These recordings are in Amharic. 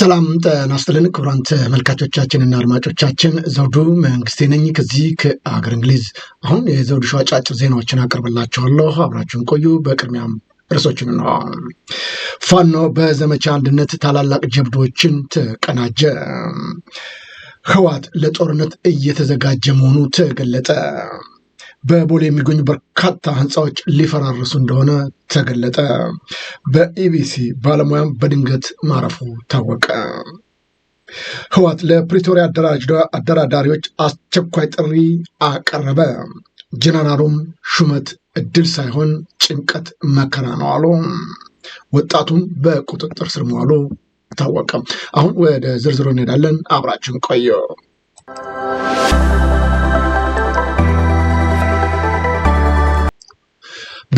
ሰላም ጤና ይስጥልን ክቡራን ተመልካቾቻችንና አድማጮቻችን ዘውዱ መንግስቴ ነኝ ከዚህ ከአገር እንግሊዝ። አሁን የዘውዱ ሾው አጫጭር ዜናዎችን አቀርብላችኋለሁ፣ አብራችሁን ቆዩ። በቅድሚያም ርዕሶችን ነ ፋኖ በዘመቻ አንድነት ታላላቅ ጀብዶችን ተቀናጀ። ህዋት ለጦርነት እየተዘጋጀ መሆኑ ተገለጠ። በቦሌ የሚገኙ በርካታ ህንፃዎች ሊፈራርሱ እንደሆነ ተገለጠ። በኢቢሲ ባለሙያም በድንገት ማረፉ ታወቀ። ህወሓት ለፕሪቶሪያ አደራዳሪዎች አስቸኳይ ጥሪ አቀረበ። ጀነራሉም ሹመት እድል ሳይሆን ጭንቀት መከራ ነው አሉ። ወጣቱም በቁጥጥር ስር መዋሉ ታወቀ። አሁን ወደ ዝርዝሩ እንሄዳለን። አብራችን ቆየ።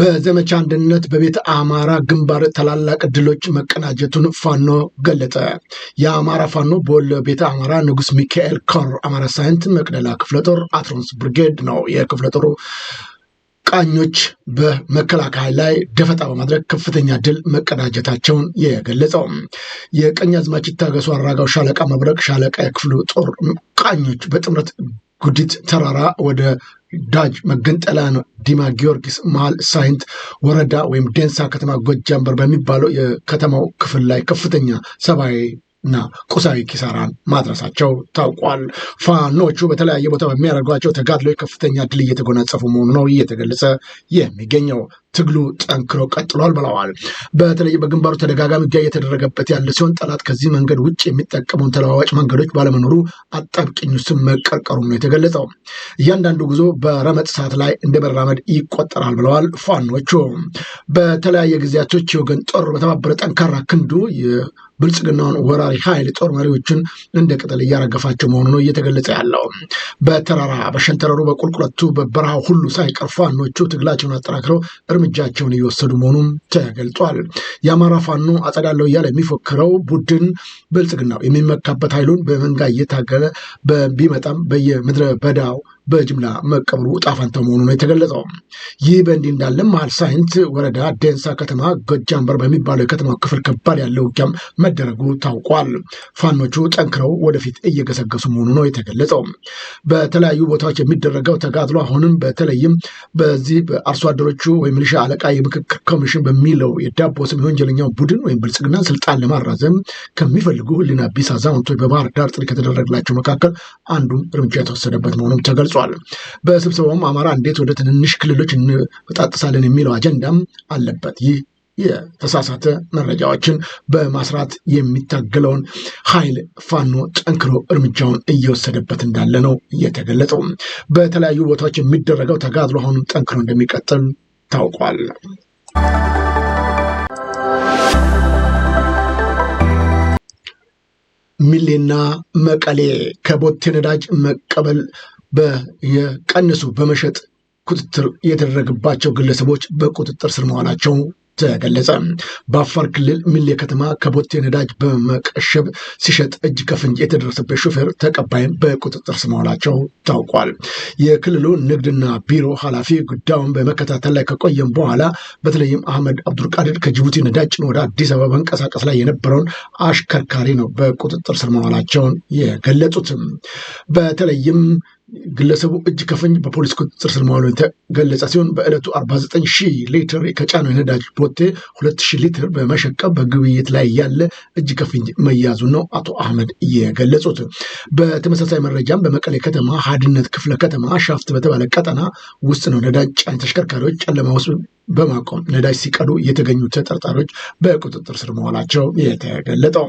በዘመቻ አንድነት በቤተ አማራ ግንባር ታላላቅ ድሎች መቀናጀቱን ፋኖ ገለጠ። የአማራ ፋኖ በወሎ ቤተ አማራ ንጉስ ሚካኤል ኮር አማራ ሳይንት መቅደላ ክፍለ ጦር አትሮንስ ብርጌድ ነው። የክፍለ ጦሩ ቃኞች በመከላከያ ላይ ደፈጣ በማድረግ ከፍተኛ ድል መቀዳጀታቸውን የገለጸው የቀኝ አዝማች ይታገሱ አራጋው ሻለቃ መብረቅ ሻለቃ የክፍሉ ጦር ቃኞች በጥምረት ጉዲት ተራራ ወደ ዳጅ መገንጠላ ነው ዲማ ጊዮርጊስ መሀል ሳይንት ወረዳ ወይም ደንሳ ከተማ ጎጃምበር በሚባለው የከተማው ክፍል ላይ ከፍተኛ ሰብአዊ እና ቁሳዊ ኪሳራን ማድረሳቸው ታውቋል። ፋኖቹ በተለያየ ቦታ በሚያደርጓቸው ተጋድሎ ከፍተኛ ድል እየተጎናጸፉ መሆኑ ነው እየተገለጸ የሚገኘው። ትግሉ ጠንክሮ ቀጥሏል ብለዋል። በተለይ በግንባሩ ተደጋጋሚ ውጊያ እየተደረገበት ያለ ሲሆን ጠላት ከዚህ መንገድ ውጭ የሚጠቀመውን ተለዋዋጭ መንገዶች ባለመኖሩ አጣብቂኝ ውስጥ መቀርቀሩም ነው የተገለጸው። እያንዳንዱ ጉዞ በረመጥ ሰዓት ላይ እንደ መራመድ ይቆጠራል ብለዋል። ፋኖቹ በተለያየ ጊዜያቶች የወገን ጦር በተባበረ ጠንካራ ክንዱ ብልጽግናውን ወራሪ ኃይል ጦር መሪዎችን እንደ ቅጠል እያረገፋቸው መሆኑ ነው እየተገለጸ ያለው። በተራራ በሸንተረሩ በቁልቁለቱ በበረሃ ሁሉ ሳይቀር ፋኖቹ ትግላቸውን አጠናክረው እርምጃቸውን እየወሰዱ መሆኑም ተገልጧል። የአማራ ፋኖ አጸዳለው እያለ የሚፎክረው ቡድን ብልጽግና የሚመካበት ኃይሉን በመንጋ እየታገለ ቢመጣም በየምድረ በዳው በጅምላ መቀበሩ ጣፋንታ መሆኑ ነው የተገለጸው። ይህ በእንዲህ እንዳለ መሀል ሳይንት ወረዳ ደንሳ ከተማ ጎጃምበር በሚባለው የከተማ ክፍል ከባድ ያለው ውጊያም መደረጉ ታውቋል። ፋኖቹ ጠንክረው ወደፊት እየገሰገሱ መሆኑ ነው የተገለጸው። በተለያዩ ቦታዎች የሚደረገው ተጋድሎ አሁንም በተለይም በዚህ በአርሶ አደሮቹ ወይም ሚሊሻ አለቃ የምክክር ኮሚሽን በሚለው የዳቦ ስም የወንጀለኛው ቡድን ወይም ብልጽግና ስልጣን ለማራዘም ከሚፈልጉ ህሊና ቢስ አዛውንቶች በባህር ዳር ጥሪ ከተደረግላቸው መካከል አንዱ እርምጃ የተወሰደበት መሆኑም ተገልጿል። ገልጿል። በስብሰባውም አማራ እንዴት ወደ ትንንሽ ክልሎች እንበጣጥሳለን የሚለው አጀንዳም አለበት። ይህ የተሳሳተ መረጃዎችን በማስራት የሚታገለውን ኃይል ፋኖ ጠንክሮ እርምጃውን እየወሰደበት እንዳለ ነው እየተገለጸው። በተለያዩ ቦታዎች የሚደረገው ተጋድሎ አሁንም ጠንክሮ እንደሚቀጥል ታውቋል። ሚሌና መቀሌ ከቦቴ ነዳጅ መቀበል የቀንሱ በመሸጥ ቁጥጥር የተደረገባቸው ግለሰቦች በቁጥጥር ስር መዋላቸው ተገለጸ። በአፋር ክልል ሚሌ ከተማ ከቦቴ ነዳጅ በመቀሸብ ሲሸጥ እጅ ከፍንጅ የተደረሰበት ሹፌር ተቀባይም በቁጥጥር ስር መዋላቸው ታውቋል። የክልሉ ንግድና ቢሮ ኃላፊ ጉዳዩን በመከታተል ላይ ከቆየም በኋላ በተለይም አህመድ አብዱልቃድር ከጅቡቲ ነዳጅ ጭኖ ወደ አዲስ አበባ መንቀሳቀስ ላይ የነበረውን አሽከርካሪ ነው በቁጥጥር ስር መዋላቸውን የገለጹትም በተለይም ግለሰቡ እጅ ከፍንጅ በፖሊስ ቁጥጥር ስር መዋሉ የተገለጸ ሲሆን በዕለቱ 49 ሺህ ሊትር ከጫነው የነዳጅ ቦቴ 2 ሊትር በመሸቀብ በግብይት ላይ ያለ እጅ ከፍንጅ መያዙን ነው አቶ አህመድ የገለጹት። በተመሳሳይ መረጃም በመቀሌ ከተማ ሀድነት ክፍለ ከተማ ሻፍት በተባለ ቀጠና ውስጥ ነው ነዳጅ ጫኝ ተሽከርካሪዎች ጨለማ ውስጥ በማቆም ነዳጅ ሲቀዱ የተገኙ ተጠርጣሪዎች በቁጥጥር ስር መዋላቸው የተገለጠው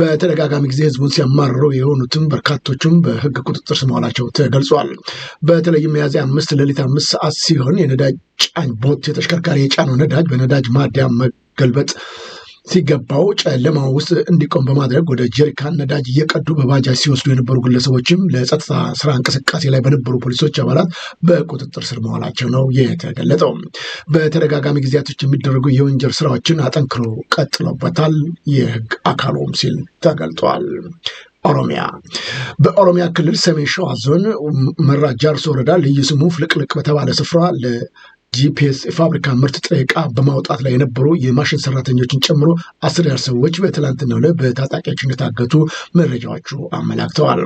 በተደጋጋሚ ጊዜ ህዝቡን ሲያማርሩ የሆኑትም በርካቶቹም በህግ ቁጥጥር ስር መዋላቸው ተገልጿል። በተለይም የያዘ አምስት ሌሊት አምስት ሰዓት ሲሆን የነዳጅ ጫኝ ቦት የተሽከርካሪ የጫነው ነዳጅ በነዳጅ ማደያ መገልበጥ ሲገባው ጨለማ ውስጥ እንዲቆም በማድረግ ወደ ጀሪካን ነዳጅ እየቀዱ በባጃጅ ሲወስዱ የነበሩ ግለሰቦችም ለጸጥታ ስራ እንቅስቃሴ ላይ በነበሩ ፖሊሶች አባላት በቁጥጥር ስር መዋላቸው ነው የተገለጠው። በተደጋጋሚ ጊዜያቶች የሚደረጉ የወንጀል ስራዎችን አጠንክሮ ቀጥሎበታል የህግ አካሉም ሲል ተገልጧል። ኦሮሚያ በኦሮሚያ ክልል ሰሜን ሸዋ ዞን መራ ጃርሶ ወረዳ ልዩ ስሙ ፍልቅልቅ በተባለ ስፍራ ጂፒኤስ የፋብሪካ ምርት ጥሬ ዕቃ በማውጣት ላይ የነበሩ የማሽን ሰራተኞችን ጨምሮ አስር ያህል ሰዎች በትላንትናው ዕለት በታጣቂዎች እንደታገቱ መረጃዎቹ አመላክተዋል።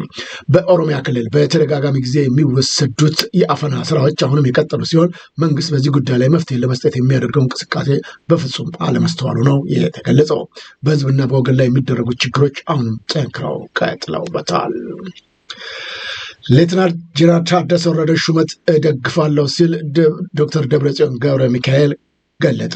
በኦሮሚያ ክልል በተደጋጋሚ ጊዜ የሚወሰዱት የአፈና ስራዎች አሁንም የቀጠሉ ሲሆን መንግስት በዚህ ጉዳይ ላይ መፍትሄ ለመስጠት የሚያደርገው እንቅስቃሴ በፍጹም አለመስተዋሉ ነው የተገለጸው። በህዝብና በወገን ላይ የሚደረጉት ችግሮች አሁንም ጠንክረው ቀጥለውበታል። ሌትናል ጄኔራል ታደሰ ወረደ ሹመት እደግፋለሁ ሲል ዶክተር ደብረጽዮን ገብረ ሚካኤል ገለጠ።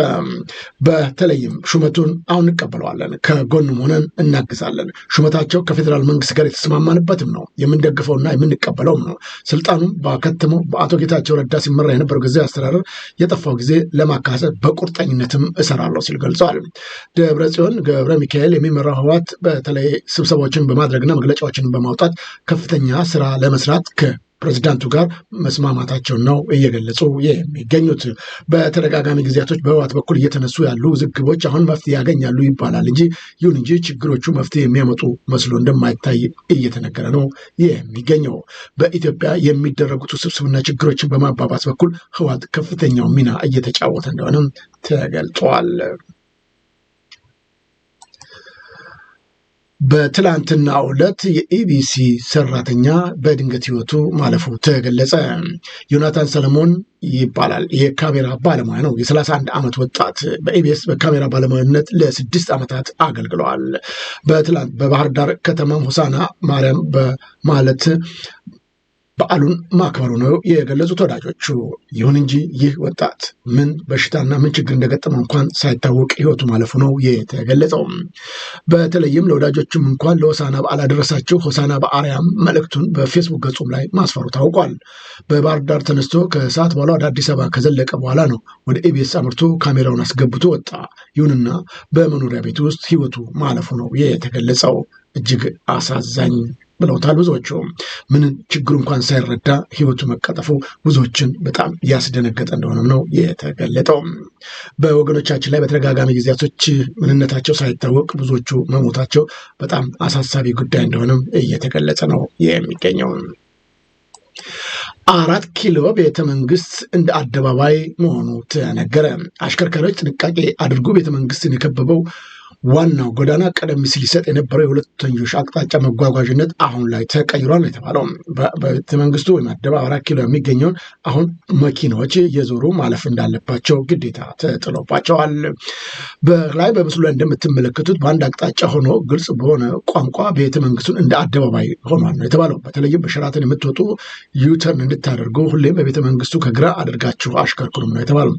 በተለይም ሹመቱን አሁን እንቀበለዋለን፣ ከጎንም ሆነን እናግዛለን። ሹመታቸው ከፌዴራል መንግስት ጋር የተስማማንበትም ነው የምንደግፈውና የምንቀበለውም ነው። ስልጣኑም ባከተመው በአቶ ጌታቸው ረዳ ሲመራ የነበረው ጊዜ አስተዳደር የጠፋው ጊዜ ለማካሰብ በቁርጠኝነትም እሰራለሁ ሲል ገልጸዋል። ደብረ ጽዮን ገብረ ሚካኤል የሚመራው ህወሓት በተለይ ስብሰባዎችን በማድረግና መግለጫዎችን በማውጣት ከፍተኛ ስራ ለመስራት ከ ፕሬዚዳንቱ ጋር መስማማታቸውን ነው እየገለጹ የሚገኙት። በተደጋጋሚ ጊዜያቶች በህወሓት በኩል እየተነሱ ያሉ ውዝግቦች አሁን መፍትሄ ያገኛሉ ይባላል እንጂ ይሁን እንጂ ችግሮቹ መፍትሄ የሚያመጡ መስሎ እንደማይታይ እየተነገረ ነው የሚገኘው። በኢትዮጵያ የሚደረጉት ውስብስብና ችግሮችን በማባባስ በኩል ህወሓት ከፍተኛው ሚና እየተጫወተ እንደሆነም ተገልጧል። በትላንትናው ዕለት የኢቢሲ ሰራተኛ በድንገት ህይወቱ ማለፉ ተገለጸ። ዮናታን ሰለሞን ይባላል። የካሜራ ባለሙያ ነው። የ31 ዓመት ወጣት በኢቢኤስ በካሜራ ባለሙያነት ለስድስት ዓመታት አገልግለዋል። በትላንት በባህር ዳር ከተማ ሆሳና ማርያም በማለት በዓሉን ማክበሩ ነው የገለጹት ወዳጆቹ። ይሁን እንጂ ይህ ወጣት ምን በሽታና ምን ችግር እንደገጠመ እንኳን ሳይታወቅ ህይወቱ ማለፉ ነው የተገለጸው። በተለይም ለወዳጆችም እንኳን ለሆሳና በዓል አደረሳችሁ፣ ሆሳና በአርያም መልእክቱን በፌስቡክ ገጹም ላይ ማስፈሩ ታውቋል። በባህር ዳር ተነስቶ ከሰዓት በኋላ ወደ አዲስ አበባ ከዘለቀ በኋላ ነው ወደ ኢቢኤስ አምርቶ ካሜራውን አስገብቶ ወጣ። ይሁንና በመኖሪያ ቤት ውስጥ ህይወቱ ማለፉ ነው የተገለጸው። እጅግ አሳዛኝ ብለውታል። ብዙዎቹ ምን ችግሩ እንኳን ሳይረዳ ህይወቱ መቀጠፉ ብዙዎችን በጣም ያስደነገጠ እንደሆነም ነው የተገለጠው። በወገኖቻችን ላይ በተደጋጋሚ ጊዜያቶች ምንነታቸው ሳይታወቅ ብዙዎቹ መሞታቸው በጣም አሳሳቢ ጉዳይ እንደሆነም እየተገለጸ ነው የሚገኘው። አራት ኪሎ ቤተ መንግስት እንደ አደባባይ መሆኑ ተነገረ። አሽከርካሪዎች ጥንቃቄ አድርጎ ቤተ መንግስትን የከበበው ዋናው ጎዳና ቀደም ሲል ይሰጥ የነበረው የሁለተኞች አቅጣጫ መጓጓዥነት አሁን ላይ ተቀይሯል የተባለው መንግስቱ ወይም አደባባይ አራት ኪሎ የሚገኘውን አሁን መኪናዎች የዞሩ ማለፍ እንዳለባቸው ግዴታ ተጥሎባቸዋል። በላይ በምስሉ ላይ እንደምትመለከቱት በአንድ አቅጣጫ ሆኖ ግልጽ በሆነ ቋንቋ ቤተመንግስቱን እንደ አደባባይ ሆኗል ነው የተባለው። በተለይም በሸራተን የምትወጡ ዩተርን እንድታደርጉ ሁሌም በቤተመንግስቱ ከግራ አድርጋችሁ አሽከርክሩም ነው የተባለው።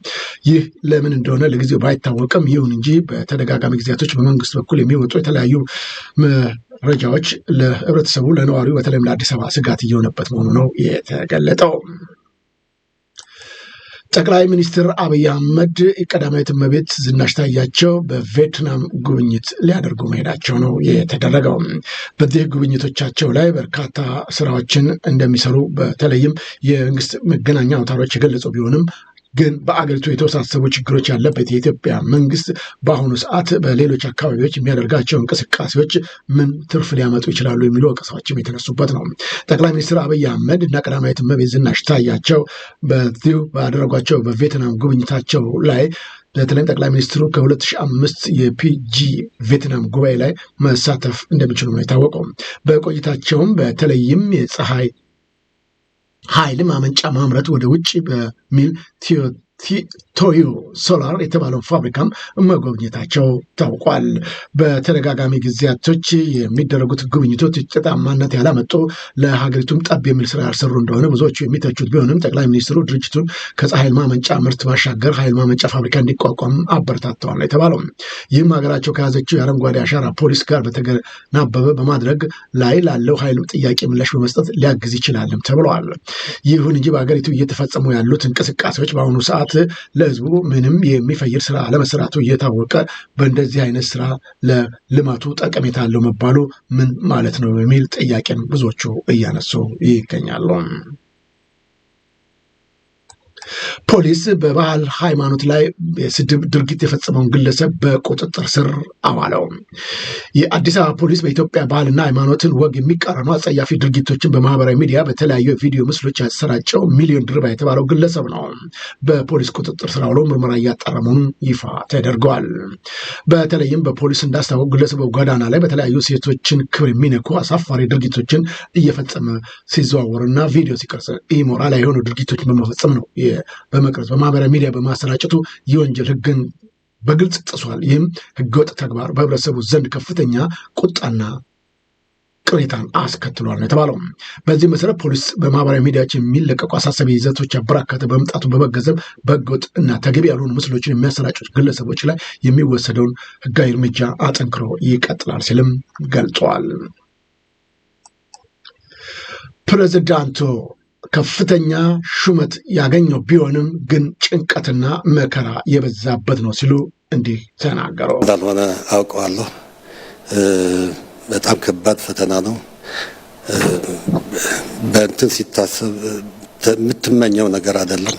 ይህ ለምን እንደሆነ ለጊዜው ባይታወቅም፣ ይሁን እንጂ በተደጋጋሚ ጊዜያቶች በመንግስት በኩል የሚወጡ የተለያዩ መረጃዎች ለህብረተሰቡ፣ ለነዋሪው በተለይም ለአዲስ አበባ ስጋት እየሆነበት መሆኑ ነው የተገለጠው። ጠቅላይ ሚኒስትር አብይ አህመድ ቀዳማዊት እመቤት ዝናሽ ታያቸው በቪየትናም ጉብኝት ሊያደርጉ መሄዳቸው ነው የተደረገው። በዚህ ጉብኝቶቻቸው ላይ በርካታ ስራዎችን እንደሚሰሩ በተለይም የመንግስት መገናኛ አውታሮች የገለጹ ቢሆንም ግን በአገሪቱ የተወሳሰቡ ችግሮች ያለበት የኢትዮጵያ መንግስት በአሁኑ ሰዓት በሌሎች አካባቢዎች የሚያደርጋቸው እንቅስቃሴዎች ምን ትርፍ ሊያመጡ ይችላሉ የሚሉ ወቀሳዎችም የተነሱበት ነው። ጠቅላይ ሚኒስትር አብይ አህመድ እና ቀዳማዊት እመቤት ዝናሽ ታያቸው በዚሁ ባደረጓቸው በቪትናም ጉብኝታቸው ላይ በተለይም ጠቅላይ ሚኒስትሩ ከ2005 የፒጂ ቬትናም ጉባኤ ላይ መሳተፍ እንደሚችሉ ነው የታወቀው። በቆይታቸውም በተለይም የፀሐይ ኃይል ማመንጫ ማምረት ወደ ውጭ በሚል ቶዮ ሶላር የተባለው ፋብሪካም መጎብኘታቸው ታውቋል። በተደጋጋሚ ጊዜያቶች የሚደረጉት ጉብኝቶች ውጤታማነት ያላመጡ ለሀገሪቱም ጠብ የሚል ስራ ያልሰሩ እንደሆነ ብዙዎቹ የሚተቹት ቢሆንም ጠቅላይ ሚኒስትሩ ድርጅቱን ከፀሐይ ኃይል ማመንጫ ምርት ባሻገር ኃይል ማመንጫ ፋብሪካ እንዲቋቋም አበረታተዋል ነው የተባለው። ይህም ሀገራቸው ከያዘችው የአረንጓዴ አሻራ ፖሊስ ጋር በተገናበበ በማድረግ ላይ ላለው ኃይል ጥያቄ ምላሽ በመስጠት ሊያግዝ ይችላልም ተብለዋል። ይሁን እንጂ በሀገሪቱ እየተፈጸሙ ያሉት እንቅስቃሴዎች በአሁኑ ሰዓት ለህዝቡ ምንም የሚፈይድ ስራ ለመስራቱ እየታወቀ በእንደዚህ አይነት ስራ ለልማቱ ጠቀሜታ አለው መባሉ ምን ማለት ነው የሚል ጥያቄን ብዙዎቹ እያነሱ ይገኛሉ። ፖሊስ በባህል ሃይማኖት ላይ የስድብ ድርጊት የፈጸመውን ግለሰብ በቁጥጥር ስር አዋለው። የአዲስ አበባ ፖሊስ በኢትዮጵያ ባህልና ሃይማኖትን ወግ የሚቃረኑ አጸያፊ ድርጊቶችን በማህበራዊ ሚዲያ በተለያዩ ቪዲዮ ምስሎች ያሰራጨው ሚሊዮን ድርባ የተባለው ግለሰብ ነው በፖሊስ ቁጥጥር ስር አውሎ ምርመራ እያጣራ መሆኑን ይፋ ተደርገዋል። በተለይም በፖሊስ እንዳስታወቁ ግለሰቡ ጎዳና ላይ በተለያዩ ሴቶችን ክብር የሚነኩ አሳፋሪ ድርጊቶችን እየፈጸመ ሲዘዋወርና ቪዲዮ ሲቀርጽ ኢሞራላዊ የሆኑ ድርጊቶችን በመፈጸም ነው በመቅረጽ በማህበራዊ ሚዲያ በማሰራጨቱ የወንጀል ህግን በግልጽ ጥሷል። ይህም ህገወጥ ተግባር በህብረተሰቡ ዘንድ ከፍተኛ ቁጣና ቅሬታን አስከትሏል ነው የተባለው። በዚህ መሰረት ፖሊስ በማህበራዊ ሚዲያዎች የሚለቀቁ አሳሳቢ ይዘቶች ያበራከተ በመምጣቱ በመገንዘብ በህገወጥ እና ተገቢ ያልሆኑ ምስሎችን የሚያሰራጩት ግለሰቦች ላይ የሚወሰደውን ህጋዊ እርምጃ አጠንክሮ ይቀጥላል ሲልም ገልጸዋል። ፕሬዚዳንቱ ከፍተኛ ሹመት ያገኘው ቢሆንም ግን ጭንቀትና መከራ የበዛበት ነው ሲሉ እንዲህ ተናገሩ። እንዳልሆነ አውቀዋለሁ። በጣም ከባድ ፈተና ነው። በእንትን ሲታሰብ የምትመኘው ነገር አይደለም።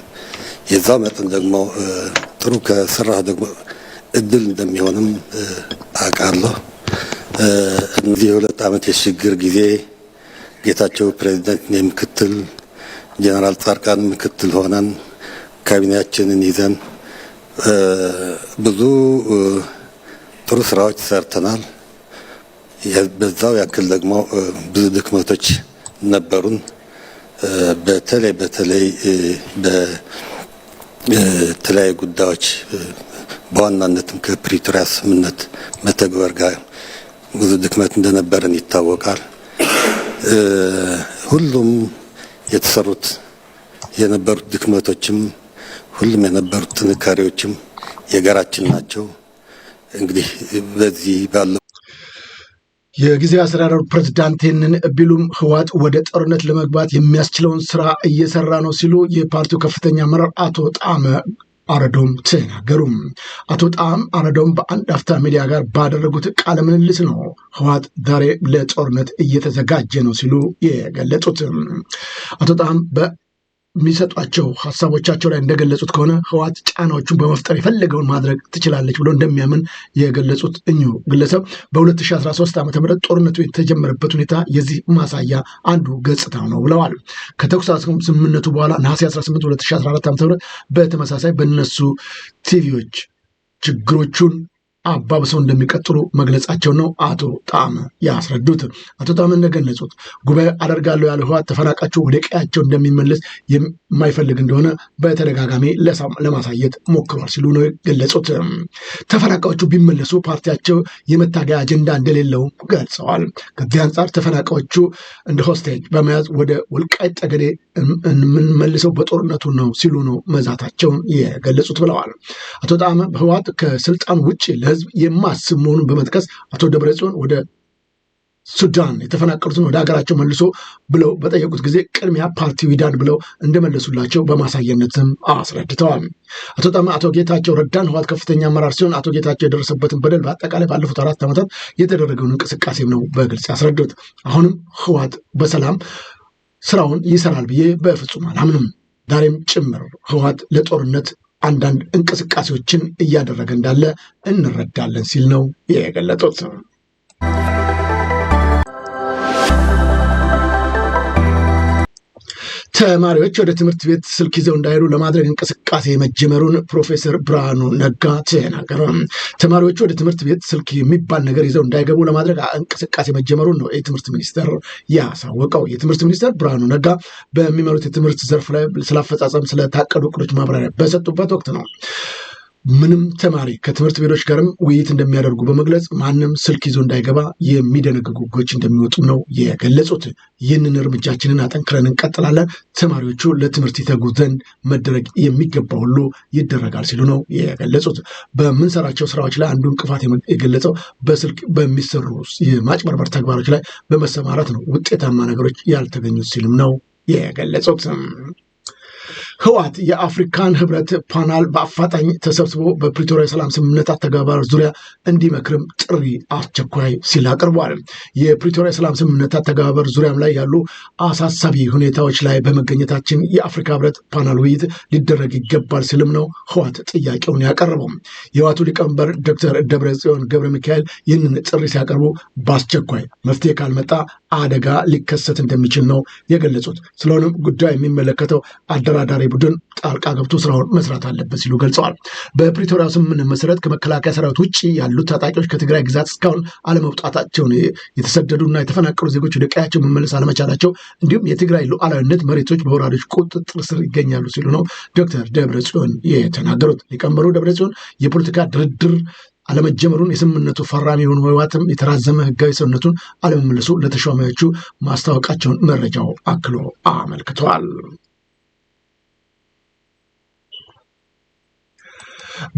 የዛው መጠን ደግሞ ጥሩ ከስራ ደግሞ እድል እንደሚሆንም አውቃለሁ። እነዚህ የሁለት ዓመት የሽግግር ጊዜ ጌታቸው ፕሬዚደንት፣ እኔ ምክትል ጀነራል ጻድቃን ምክትል ሆነን ካቢኔያችንን ይዘን ብዙ ጥሩ ስራዎች ሰርተናል። በዛው ያክል ደግሞ ብዙ ድክመቶች ነበሩን። በተለይ በተለይ በተለያዩ ጉዳዮች በዋናነትም ከፕሪቶሪያ ስምምነት መተግበር ጋር ብዙ ድክመት እንደነበረን ይታወቃል። ሁሉም የተሰሩት የነበሩት ድክመቶችም ሁሉም የነበሩት ጥንካሬዎችም የጋራችን ናቸው። እንግዲህ በዚህ ባለው የጊዜ አስተዳደሩ ፕሬዝዳንት ይህንን ቢሉም ህወሓት ወደ ጦርነት ለመግባት የሚያስችለውን ስራ እየሰራ ነው ሲሉ የፓርቲው ከፍተኛ አመራር አቶ ጣመ አረዶም ተናገሩ። አቶ ጣም አረዶም በአንድ አፍታ ሚዲያ ጋር ባደረጉት ቃለ ምልልስ ነው ህወሓት ዛሬ ለጦርነት እየተዘጋጀ ነው ሲሉ የገለጹት። አቶ ጣም የሚሰጧቸው ሀሳቦቻቸው ላይ እንደገለጹት ከሆነ ህወሓት ጫናዎቹን በመፍጠር የፈለገውን ማድረግ ትችላለች ብሎ እንደሚያምን የገለጹት እኚሁ ግለሰብ በ2013 ዓ ም ጦርነቱ የተጀመረበት ሁኔታ የዚህ ማሳያ አንዱ ገጽታ ነው ብለዋል። ከተኩስ አቁም ስምምነቱ በኋላ ነሐሴ 18 2014 ዓ ም በተመሳሳይ በነሱ ቲቪዎች ችግሮቹን አባብሰው እንደሚቀጥሉ መግለጻቸው ነው አቶ ጣም ያስረዱት። አቶ ጣም እንደገለጹት ጉባኤ አደርጋለሁ ያለ ህወሓት ተፈናቃቸው ወደ ቀያቸው እንደሚመለስ የማይፈልግ እንደሆነ በተደጋጋሚ ለማሳየት ሞክሯል ሲሉ ነው የገለጹት። ተፈናቃዮቹ ቢመለሱ ፓርቲያቸው የመታገያ አጀንዳ እንደሌለው ገልጸዋል። ከዚህ አንጻር ተፈናቃዮቹ እንደ ሆስቴጅ በመያዝ ወደ ወልቃይት ጠገዴ የምንመልሰው በጦርነቱ ነው ሲሉ ነው መዛታቸውን የገለጹት ብለዋል። አቶ ጣም በህዋት ከስልጣን ውጭ ለ ህዝብ የማስብ መሆኑን በመጥቀስ አቶ ደብረጽዮን ወደ ሱዳን የተፈናቀሉትን ወደ ሀገራቸው መልሶ ብለው በጠየቁት ጊዜ ቅድሚያ ፓርቲ ዊዳን ብለው እንደመለሱላቸው በማሳየነትም አስረድተዋል። አቶ ጣማ አቶ ጌታቸው ረዳን ህወሓት ከፍተኛ አመራር ሲሆን አቶ ጌታቸው የደረሰበትን በደል በአጠቃላይ ባለፉት አራት ዓመታት የተደረገውን እንቅስቃሴም ነው በግልጽ ያስረዱት። አሁንም ህወሓት በሰላም ስራውን ይሰራል ብዬ በፍጹም አላምንም። ዛሬም ጭምር ህወሓት ለጦርነት አንዳንድ እንቅስቃሴዎችን እያደረገ እንዳለ እንረዳለን ሲል ነው የገለጡት። ተማሪዎች ወደ ትምህርት ቤት ስልክ ይዘው እንዳይሄዱ ለማድረግ እንቅስቃሴ መጀመሩን ፕሮፌሰር ብርሃኑ ነጋ ተናገረ። ተማሪዎች ወደ ትምህርት ቤት ስልክ የሚባል ነገር ይዘው እንዳይገቡ ለማድረግ እንቅስቃሴ መጀመሩን ነው የትምህርት ሚኒስቴር ያሳወቀው። የትምህርት ሚኒስቴር ብርሃኑ ነጋ በሚመሩት የትምህርት ዘርፍ ላይ ስለ አፈጻጸም ስለታቀዱ እቅዶች ማብራሪያ በሰጡበት ወቅት ነው። ምንም ተማሪ ከትምህርት ቤቶች ጋርም ውይይት እንደሚያደርጉ በመግለጽ ማንም ስልክ ይዞ እንዳይገባ የሚደነግጉ ሕጎች እንደሚወጡ ነው የገለጹት። ይህንን እርምጃችንን አጠንክረን እንቀጥላለን፣ ተማሪዎቹ ለትምህርት ይተጉ ዘንድ መደረግ የሚገባ ሁሉ ይደረጋል ሲሉ ነው የገለጹት። በምንሰራቸው ስራዎች ላይ አንዱ እንቅፋት የገለጸው በስልክ በሚሰሩ የማጭበርበር ተግባሮች ላይ በመሰማራት ነው ውጤታማ ነገሮች ያልተገኙት ሲልም ነው የገለጹት። ህወሓት የአፍሪካን ህብረት ፓናል በአፋጣኝ ተሰብስቦ በፕሪቶሪያ ሰላም ስምምነት አተገባበር ዙሪያ እንዲመክርም ጥሪ አስቸኳይ ሲል አቅርቧል። የፕሪቶሪያ ሰላም ስምምነት አተገባበር ዙሪያም ላይ ያሉ አሳሳቢ ሁኔታዎች ላይ በመገኘታችን የአፍሪካ ህብረት ፓናል ውይይት ሊደረግ ይገባል ሲልም ነው ህወሓት ጥያቄውን ያቀረበው። የህወሓቱ ሊቀመንበር ዶክተር ደብረ ጽዮን ገብረ ሚካኤል ይህንን ጥሪ ሲያቀርቡ በአስቸኳይ መፍትሄ ካልመጣ አደጋ ሊከሰት እንደሚችል ነው የገለጹት። ስለሆነም ጉዳዩ የሚመለከተው አደራዳሪ ቡድን ጣልቃ ገብቶ ስራውን መስራት አለበት ሲሉ ገልጸዋል። በፕሪቶሪያ ስምምነት መሰረት ከመከላከያ ሰራዊት ውጭ ያሉት ታጣቂዎች ከትግራይ ግዛት እስካሁን አለመውጣታቸውን፣ የተሰደዱና የተፈናቀሉ ዜጎች ወደ ቀያቸው መመለስ አለመቻላቸው፣ እንዲሁም የትግራይ ሉዓላዊነት መሬቶች በወራዶች ቁጥጥር ስር ይገኛሉ ሲሉ ነው ዶክተር ደብረ ጽዮን የተናገሩት። ሊቀመንበሩ ደብረ ጽዮን የፖለቲካ ድርድር አለመጀመሩን የስምምነቱ ፈራሚ የሆኑ ህወሓትም የተራዘመ ህጋዊ ሰውነቱን አለመመለሱ ለተሿሚዎቹ ማስታወቃቸውን መረጃው አክሎ አመልክተዋል።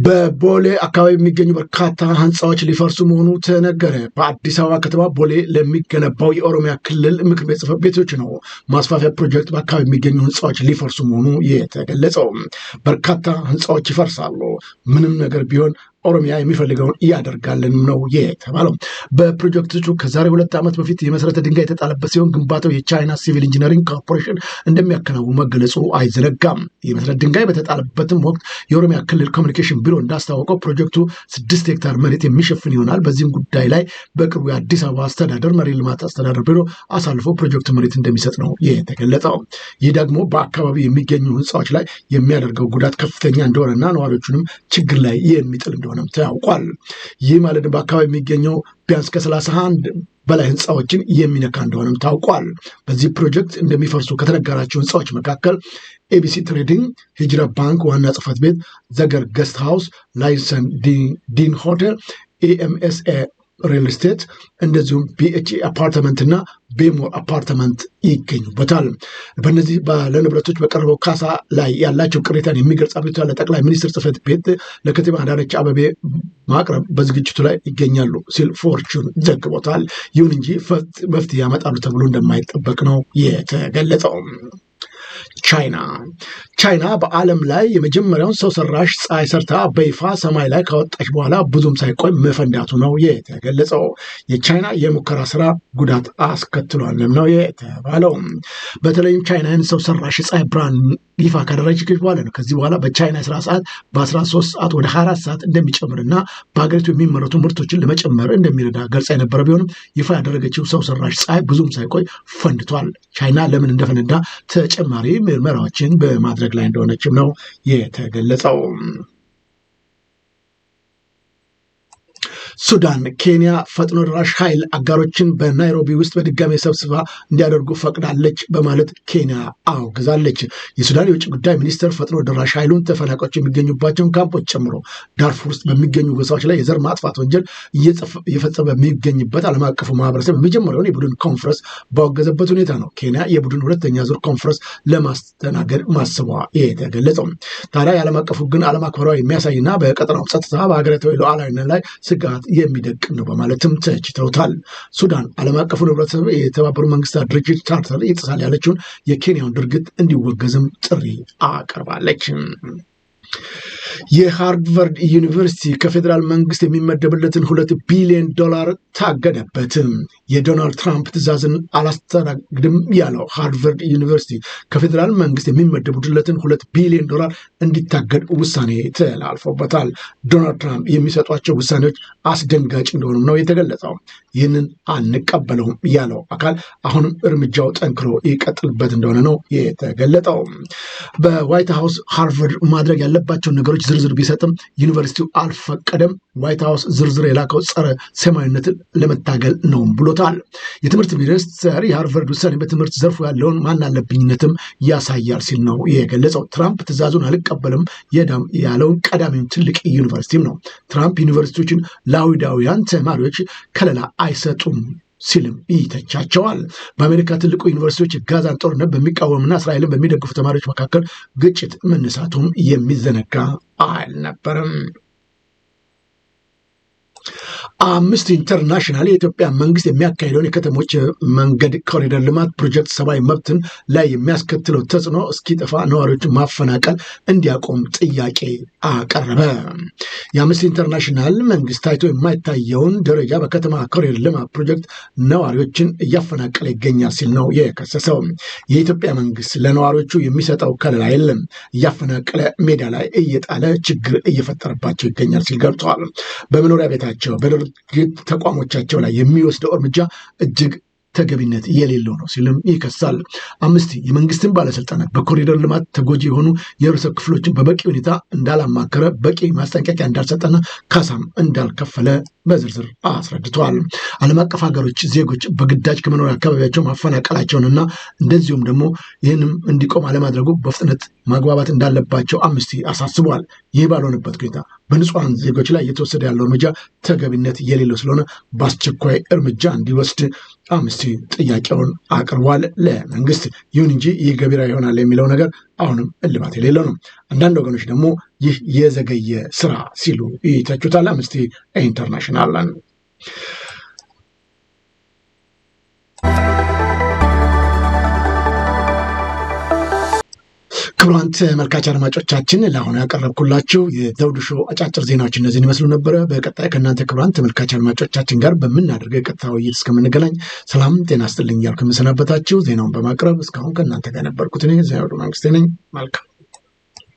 በቦሌ አካባቢ የሚገኙ በርካታ ህንፃዎች ሊፈርሱ መሆኑ ተነገረ። በአዲስ አበባ ከተማ ቦሌ ለሚገነባው የኦሮሚያ ክልል ምክር ቤት ጽሕፈት ቤቶች ነው ማስፋፊያ ፕሮጀክት በአካባቢ የሚገኙ ህንፃዎች ሊፈርሱ መሆኑ የተገለጸው። በርካታ ህንፃዎች ይፈርሳሉ። ምንም ነገር ቢሆን ኦሮሚያ የሚፈልገውን እያደርጋለን ነው የተባለው። በፕሮጀክቶቹ ከዛሬ ሁለት ዓመት በፊት የመሰረተ ድንጋይ የተጣለበት ሲሆን ግንባታው የቻይና ሲቪል ኢንጂነሪንግ ኮርፖሬሽን እንደሚያከናውን መገለጹ አይዘነጋም። የመሰረት ድንጋይ በተጣለበትም ወቅት የኦሮሚያ ክልል ኮሚኒኬሽን ቢሮ እንዳስታወቀው ፕሮጀክቱ ስድስት ሄክታር መሬት የሚሸፍን ይሆናል። በዚህም ጉዳይ ላይ በቅርቡ የአዲስ አበባ አስተዳደር መሬት ልማት አስተዳደር ቢሮ አሳልፎ ፕሮጀክቱ መሬት እንደሚሰጥ ነው የተገለጠው ይህ ደግሞ በአካባቢ የሚገኙ ህንፃዎች ላይ የሚያደርገው ጉዳት ከፍተኛ እንደሆነና ነዋሪዎቹንም ችግር ላይ የሚጥል እንደሆነ እንደሆነም ታውቋል። ይህ ማለት በአካባቢ የሚገኘው ቢያንስ ከሰላሳ አንድ በላይ ህንፃዎችን የሚነካ እንደሆነም ታውቋል። በዚህ ፕሮጀክት እንደሚፈርሱ ከተነገራቸው ህንፃዎች መካከል ኤቢሲ ትሬዲንግ፣ ሂጅራ ባንክ ዋና ጽህፈት ቤት፣ ዘገር ገስት ሃውስ፣ ላይሰን ዲን ሆቴል፣ ኤኤምኤስኤ ሪል ስቴት እንደዚሁም ቢኤች እና ቤሞር አፓርትመንት ይገኙበታል። በነዚህ ባለንብረቶች በቀረበው ካሳ ላይ ያላቸው ቅሬታን የሚገልጽ አቤቱታ ለጠቅላይ ሚኒስትር ጽፈት ቤት ለከተማ አዳነች አበቤ ማቅረብ በዝግጅቱ ላይ ይገኛሉ ሲል ፎርቹን ዘግቦታል። ይሁን እንጂ መፍትሄ ያመጣሉ ተብሎ እንደማይጠበቅ ነው የተገለጸው። ቻይና ቻይና በዓለም ላይ የመጀመሪያውን ሰው ሰራሽ ፀሐይ ሰርታ በይፋ ሰማይ ላይ ካወጣች በኋላ ብዙም ሳይቆይ መፈንዳቱ ነው የተገለጸው። የቻይና የሙከራ ስራ ጉዳት አስከትሏልም ነው የተባለው። በተለይም ቻይናን ሰው ሰራሽ ፀሐይ ብርሃን ይፋ ካደረገች በኋላ ነው ከዚህ በኋላ በቻይና ስራ ሰዓት በ13 ሰዓት ወደ 24 ሰዓት እንደሚጨምርና በሀገሪቱ የሚመረቱ ምርቶችን ለመጨመር እንደሚረዳ ገልጻ የነበረ ቢሆንም ይፋ ያደረገችው ሰው ሰራሽ ፀሐይ ብዙም ሳይቆይ ፈንድቷል። ቻይና ለምን እንደፈነዳ ተጨማሪ ምርመራዎችን በማድረግ ላይ እንደሆነችም ነው የተገለጸው። ሱዳን ኬንያ ፈጥኖ ደራሽ ኃይል አጋሮችን በናይሮቢ ውስጥ በድጋሚ ሰብስባ እንዲያደርጉ ፈቅዳለች በማለት ኬንያ አውግዛለች። የሱዳን የውጭ ጉዳይ ሚኒስትር ፈጥኖ ደራሽ ኃይሉን ተፈናቃዮች የሚገኙባቸውን ካምፖች ጨምሮ ዳርፉር ውስጥ በሚገኙ ጎሳዎች ላይ የዘር ማጥፋት ወንጀል እየፈጸመ በሚገኝበት ዓለም አቀፉ ማህበረሰብ የመጀመሪያውን የቡድን ኮንፈረንስ ባወገዘበት ሁኔታ ነው ኬንያ የቡድን ሁለተኛ ዙር ኮንፈረንስ ለማስተናገድ ማስቧ የተገለጸው። ታዲያ የዓለም አቀፉ ግን ዓለም አክበራዊ የሚያሳይና በቀጠናው ጸጥታ በሀገሪቱ ሉዓላዊነት ላይ ስጋት የሚደቅም ነው በማለትም ተችተውታል። ሱዳን ዓለም አቀፉን ህብረተሰብ የተባበሩ መንግስታት ድርጅት ቻርተር ይጥሳል ያለችውን የኬንያውን ድርግት እንዲወገዝም ጥሪ አቀርባለች። የሃርቫርድ ዩኒቨርሲቲ ከፌዴራል መንግስት የሚመደብለትን ሁለት ቢሊዮን ዶላር ታገደበት። የዶናልድ ትራምፕ ትዕዛዝን አላስተናግድም ያለው ሃርቫርድ ዩኒቨርሲቲ ከፌዴራል መንግስት የሚመደቡለትን ሁለት ቢሊዮን ዶላር እንዲታገድ ውሳኔ ተላልፎበታል። ዶናልድ ትራምፕ የሚሰጧቸው ውሳኔዎች አስደንጋጭ እንደሆኑም ነው የተገለጸው። ይህንን አንቀበለውም ያለው አካል አሁንም እርምጃው ጠንክሮ ይቀጥልበት እንደሆነ ነው የተገለጠው። በዋይት ሀውስ ሃርቨርድ ማድረግ ያለባቸውን ነገሮች ዝርዝር ቢሰጥም ዩኒቨርሲቲው አልፈቀደም። ዋይት ሀውስ ዝርዝር የላከው ጸረ ሴማዊነትን ለመታገል ነው ብሎታል። የትምህርት ሚኒስትር የሃርቨርድ ውሳኔ በትምህርት ዘርፉ ያለውን ማናለብኝነትም ያሳያል ሲል ነው የገለጸው። ትራምፕ ትዕዛዙን አልቀበልም ያለውን ቀዳሚውን ትልቅ ዩኒቨርሲቲም ነው። ትራምፕ ዩኒቨርሲቲዎችን ለአይሁዳውያን ተማሪዎች ከለላ አይሰጡም ሲልም ይተቻቸዋል። በአሜሪካ ትልቁ ዩኒቨርሲቲዎች ጋዛን ጦርነት በሚቃወምና እስራኤልን በሚደግፉ ተማሪዎች መካከል ግጭት መነሳቱም የሚዘነጋ አልነበርም። አምነስቲ ኢንተርናሽናል የኢትዮጵያ መንግስት የሚያካሂደውን የከተሞች መንገድ ኮሪደር ልማት ፕሮጀክት ሰብአዊ መብትን ላይ የሚያስከትለው ተጽዕኖ እስኪጠፋ ነዋሪዎች ማፈናቀል እንዲያቆም ጥያቄ አቀረበ። የአምነስቲ ኢንተርናሽናል መንግስት ታይቶ የማይታየውን ደረጃ በከተማ ኮሪደር ልማት ፕሮጀክት ነዋሪዎችን እያፈናቀለ ይገኛል ሲል ነው የከሰሰው። የኢትዮጵያ መንግስት ለነዋሪዎቹ የሚሰጠው ከለላ የለም፣ እያፈናቀለ ሜዳ ላይ እየጣለ ችግር እየፈጠረባቸው ይገኛል ሲል ገልጸዋል። በመኖሪያ ቤታቸው ናቸው። በድርጅት ተቋሞቻቸው ላይ የሚወስደው እርምጃ እጅግ ተገቢነት የሌለው ነው ሲልም ይከሳል። አምስት የመንግስትን ባለስልጣናት በኮሪደር ልማት ተጎጂ የሆኑ የህብረተሰብ ክፍሎችን በበቂ ሁኔታ እንዳላማከረ፣ በቂ ማስጠንቀቂያ እንዳልሰጠና ካሳም እንዳልከፈለ በዝርዝር አስረድተዋል። ዓለም አቀፍ ሀገሮች ዜጎች በግዳጅ ከመኖሪያ አካባቢያቸው ማፈናቀላቸውንና እንደዚሁም ደግሞ ይህንም እንዲቆም አለማድረጉ በፍጥነት ማግባባት እንዳለባቸው አምስቲ አሳስቧል። ይህ ባልሆነበት ሁኔታ በንጹሐን ዜጎች ላይ እየተወሰደ ያለው እርምጃ ተገቢነት የሌለው ስለሆነ በአስቸኳይ እርምጃ እንዲወስድ አምስቲ ጥያቄውን አቅርቧል ለመንግስት። ይሁን እንጂ ይህ ገቢራ ይሆናል የሚለው ነገር አሁንም እልባት የሌለው ነው። አንዳንድ ወገኖች ደግሞ ይህ የዘገየ ስራ ሲሉ ይተቹታል አምስቲ ኢንተርናሽናል ክቡራን ተመልካች አድማጮቻችን ለአሁኑ ያቀረብኩላችሁ የዘውዱ ሾው አጫጭር ዜናዎች እነዚህን ይመስሉ ነበረ። በቀጣይ ከእናንተ ክቡራን ተመልካች አድማጮቻችን ጋር በምናደርገው የቀጥታ ውይይት እስከምንገናኝ ሰላም ጤና ስጥልኝ እያልኩ የምሰናበታችሁ ዜናውን በማቅረብ እስካሁን ከእናንተ ጋር ነበርኩት እኔ ዘውዱ መንግስቴ ነኝ። መልካም